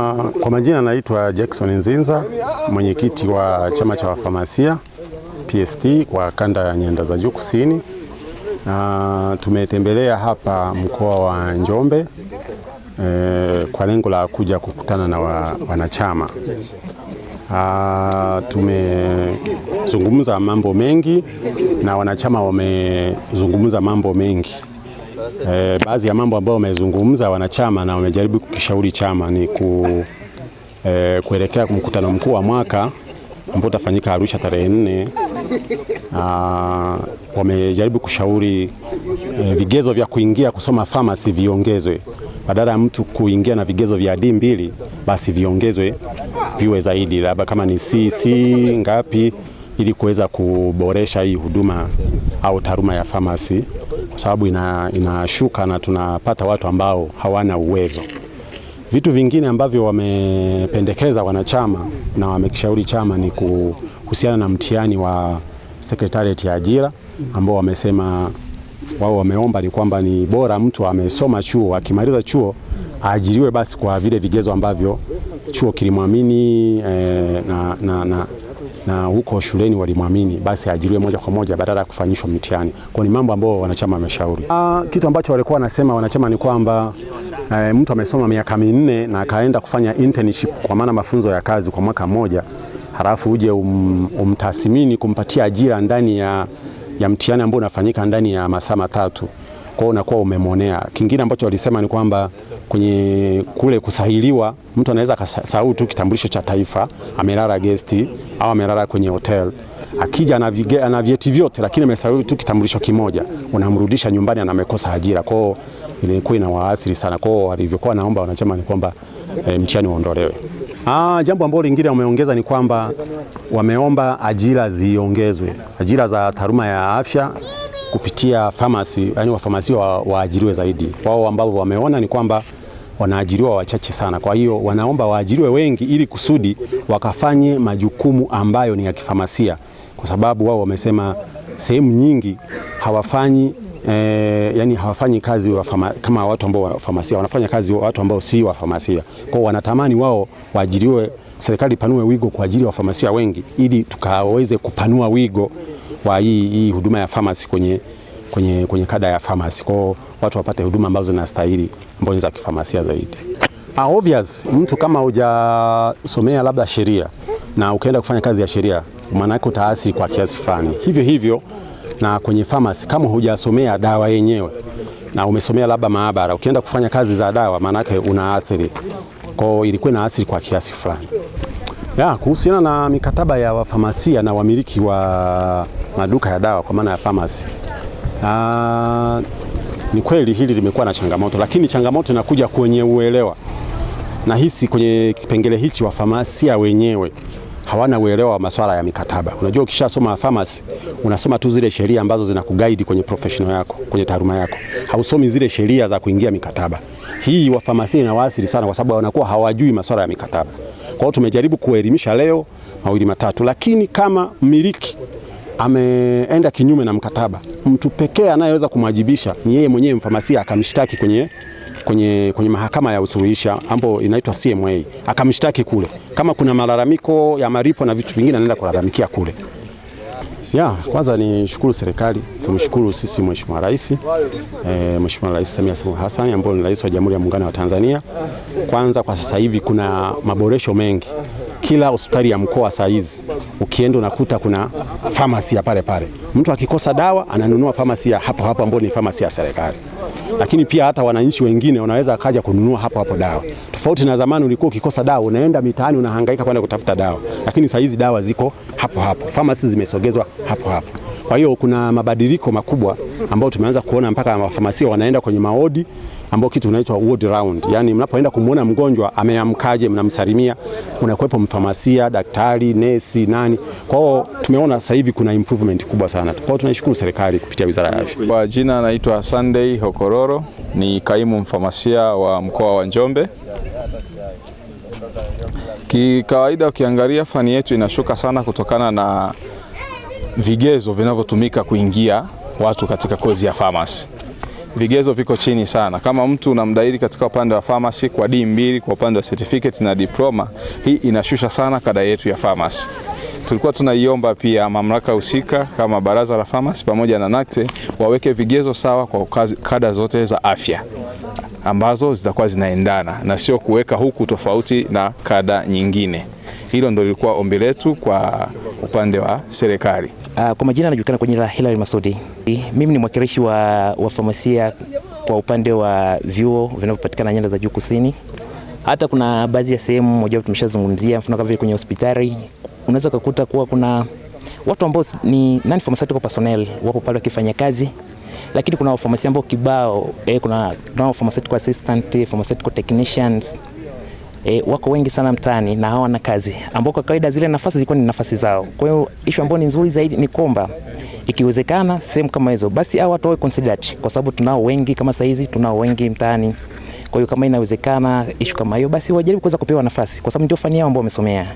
Uh, kwa majina naitwa Jackson Nzinza, mwenyekiti wa chama cha wafamasia PST kwa kanda ya nyanda za juu kusini. Uh, tumetembelea hapa mkoa wa Njombe eh, kwa lengo la kuja kukutana na wa, wanachama. Uh, tumezungumza mambo mengi na wanachama wamezungumza mambo mengi. E, baadhi ya mambo ambayo wamezungumza wanachama na wamejaribu kukishauri chama ni ku, e, kuelekea mkutano mkuu wa mwaka ambao utafanyika Arusha tarehe nne. wamejaribu kushauri e, vigezo vya kuingia kusoma pharmacy viongezwe, badala ya mtu kuingia na vigezo vya D mbili basi viongezwe viwe zaidi, labda kama ni CC ngapi ili kuweza kuboresha hii huduma au taaluma ya famasi, kwa sababu ina, inashuka na tunapata watu ambao hawana uwezo. Vitu vingine ambavyo wamependekeza wanachama na wamekishauri chama ni kuhusiana na mtihani wa sekretarieti ya ajira ambao wamesema wao wameomba ni kwamba ni bora mtu amesoma chuo akimaliza chuo aajiriwe basi kwa vile vigezo ambavyo chuo kilimwamini eh, na, na, na, na huko shuleni walimwamini, basi aajiriwe moja kwa moja badala ya kufanyishwa mitihani. Kwa ni mambo ambayo wanachama wameshauri. Ah, kitu ambacho walikuwa wanasema wanachama ni kwamba e, mtu amesoma miaka minne na akaenda kufanya internship, kwa maana mafunzo ya kazi kwa mwaka mmoja, halafu uje um, umtathmini kumpatia ajira ndani ya, ya mtihani ambao unafanyika ndani ya masaa matatu kwao unakuwa umemwonea. Kingine ambacho walisema ni kwamba kwenye kule kusahiliwa, mtu anaweza akasahau tu kitambulisho cha taifa, amelala gesti au amelala kwenye hotel, akija ana vyeti vyote, lakini amesahau tu kitambulisho kimoja, unamrudisha nyumbani na amekosa ajira. Kwa hiyo ilikuwa inawaathiri sana. Kwa hiyo walivyokuwa naomba wanachama ni kwamba e, mtihani uondolewe. Ah, jambo ambalo lingine wameongeza ni kwamba wameomba ajira ziongezwe, ajira za taaluma ya afya kupitia famasi, yani wafamasia waajiriwe wa zaidi. Wao ambao wameona ni kwamba wanaajiriwa wachache sana, kwa hiyo wanaomba waajiriwe wengi ili kusudi wakafanye majukumu ambayo ni ya kifamasia, kwa sababu wao wamesema sehemu nyingi hawafanyi E, yani hawafanyi kazi fama, kama watu ambao famasia wanafanya kazi watu ambao si wafamasia. Kwa wanatamani wao waajiriwe, serikali ipanue wigo kwa ajili ya wafamasia wengi ili tukaweze kupanua wigo kwa hii, hii huduma ya pharmacy kwenye, kwenye, kwenye kada ya pharmacy kwao watu wapate huduma ambazo zinastahili ambazo ni za kifamasia zaidi. Ah, obvious mtu kama hujasomea labda sheria na ukaenda kufanya kazi ya sheria maana yake utaasiri kwa kiasi fulani. Hivyo hivyo na kwenye pharmacy kama hujasomea dawa yenyewe na umesomea labda maabara, ukienda kufanya kazi za dawa maana yake unaathiri kwao, ilikuwa inaathiri kwa kiasi fulani. Ya, kuhusiana na mikataba ya wafamasia na wamiliki wa maduka ya dawa kwa maana ya famasi. Ah, ni kweli hili limekuwa na changamoto, lakini changamoto inakuja kwenye uelewa. Nahisi kwenye kipengele hichi wafamasia wenyewe hawana uelewa wa masuala ya mikataba. Unajua, ukishasoma pharmacy unasoma tu zile sheria ambazo zinakuguide kwenye professional yako, kwenye taaluma yako, hausomi zile sheria za kuingia mikataba. Hii wafamasia inawaathiri sana, kwa sababu wanakuwa hawajui masuala ya mikataba. Kwa hiyo tumejaribu kuelimisha leo mawili matatu, lakini kama mmiliki ameenda kinyume na mkataba, mtu pekee anayeweza kumwajibisha ni yeye mwenyewe mfamasia, akamshtaki kwenye, kwenye, kwenye mahakama ya usuluhisha ambapo inaitwa CMA, akamshtaki kule. Kama kuna malalamiko ya malipo na vitu vingine, anaenda kulalamikia kule. Ya, kwanza ni shukuru serikali, tumshukuru sisi Mheshimiwa Rais e, Mheshimiwa Rais Samia Suluhu Hassan ambaye ni rais wa Jamhuri ya Muungano wa Tanzania. Kwanza kwa sasa hivi kuna maboresho mengi kila hospitali ya mkoa saa hizi ukienda unakuta kuna famasi ya pale pale. Mtu akikosa dawa ananunua famasi ya hapo hapo ambayo ni famasi ya serikali, lakini pia hata wananchi wengine wanaweza akaja kununua hapo hapo dawa, tofauti na zamani ulikuwa ukikosa dawa unaenda mitaani unahangaika kwenda kutafuta dawa, lakini saa hizi dawa ziko hapo hapo, famasi zimesogezwa hapo hapo. Kwa hiyo kuna mabadiliko makubwa ambayo tumeanza kuona mpaka wafamasia wanaenda kwenye maodi ambao kitu unaitwa ward round, yaani mnapoenda kumwona mgonjwa ameamkaje, mnamsalimia, unakuwepo mfamasia, daktari, nesi, nani. Kwa hiyo tumeona sasa hivi kuna improvement kubwa sana. Kwa hiyo tunaishukuru serikali kupitia Wizara ya Afya. Kwa jina anaitwa Sunday Hokororo, ni kaimu mfamasia wa mkoa wa Njombe. Kikawaida ukiangalia fani yetu inashuka sana kutokana na vigezo vinavyotumika kuingia watu katika kozi ya pharmacy. Vigezo viko chini sana. Kama mtu unamdahili katika upande wa pharmacy kwa D2 kwa upande wa certificate na diploma, hii inashusha sana kada yetu ya pharmacy. Tulikuwa tunaiomba pia mamlaka husika kama Baraza la Pharmacy pamoja na NACTE waweke vigezo sawa kwa kada zote za afya ambazo zitakuwa zinaendana na sio kuweka huku tofauti na kada nyingine. Hilo ndo lilikuwa ombi letu kwa upande wa serikali. Uh, kwa majina anajulikana kwa jina la Hilary Masudi. Mimi ni mwakilishi wa, wa famasia kwa upande wa vyuo vinavyopatikana nyanda za juu kusini. Hata kuna baadhi ya sehemu moja tumeshazungumzia, mfano kama vile kwenye hospitali unaweza kukuta kuwa kuna watu ambao ni non pharmaceutical personnel wapo pale wakifanya kazi, lakini kuna wafamasia ambao kibao eh, kuna, kuna pharmaceutical assistant, pharmaceutical technicians e, wako wengi sana mtaani na hawana kazi, ambao kwa kawaida zile nafasi zilikuwa ni nafasi zao. Kwa hiyo issue ambayo ni nzuri zaidi ni kwamba ikiwezekana sehemu kama hizo basi hao watu wawe considered, kwa sababu tunao wengi kama saizi, tunao wengi mtaani. Kwa hiyo kama inawezekana issue kama hiyo, basi wajaribu kuweza kupewa nafasi, kwa sababu ndio fani yao ambao wamesomea.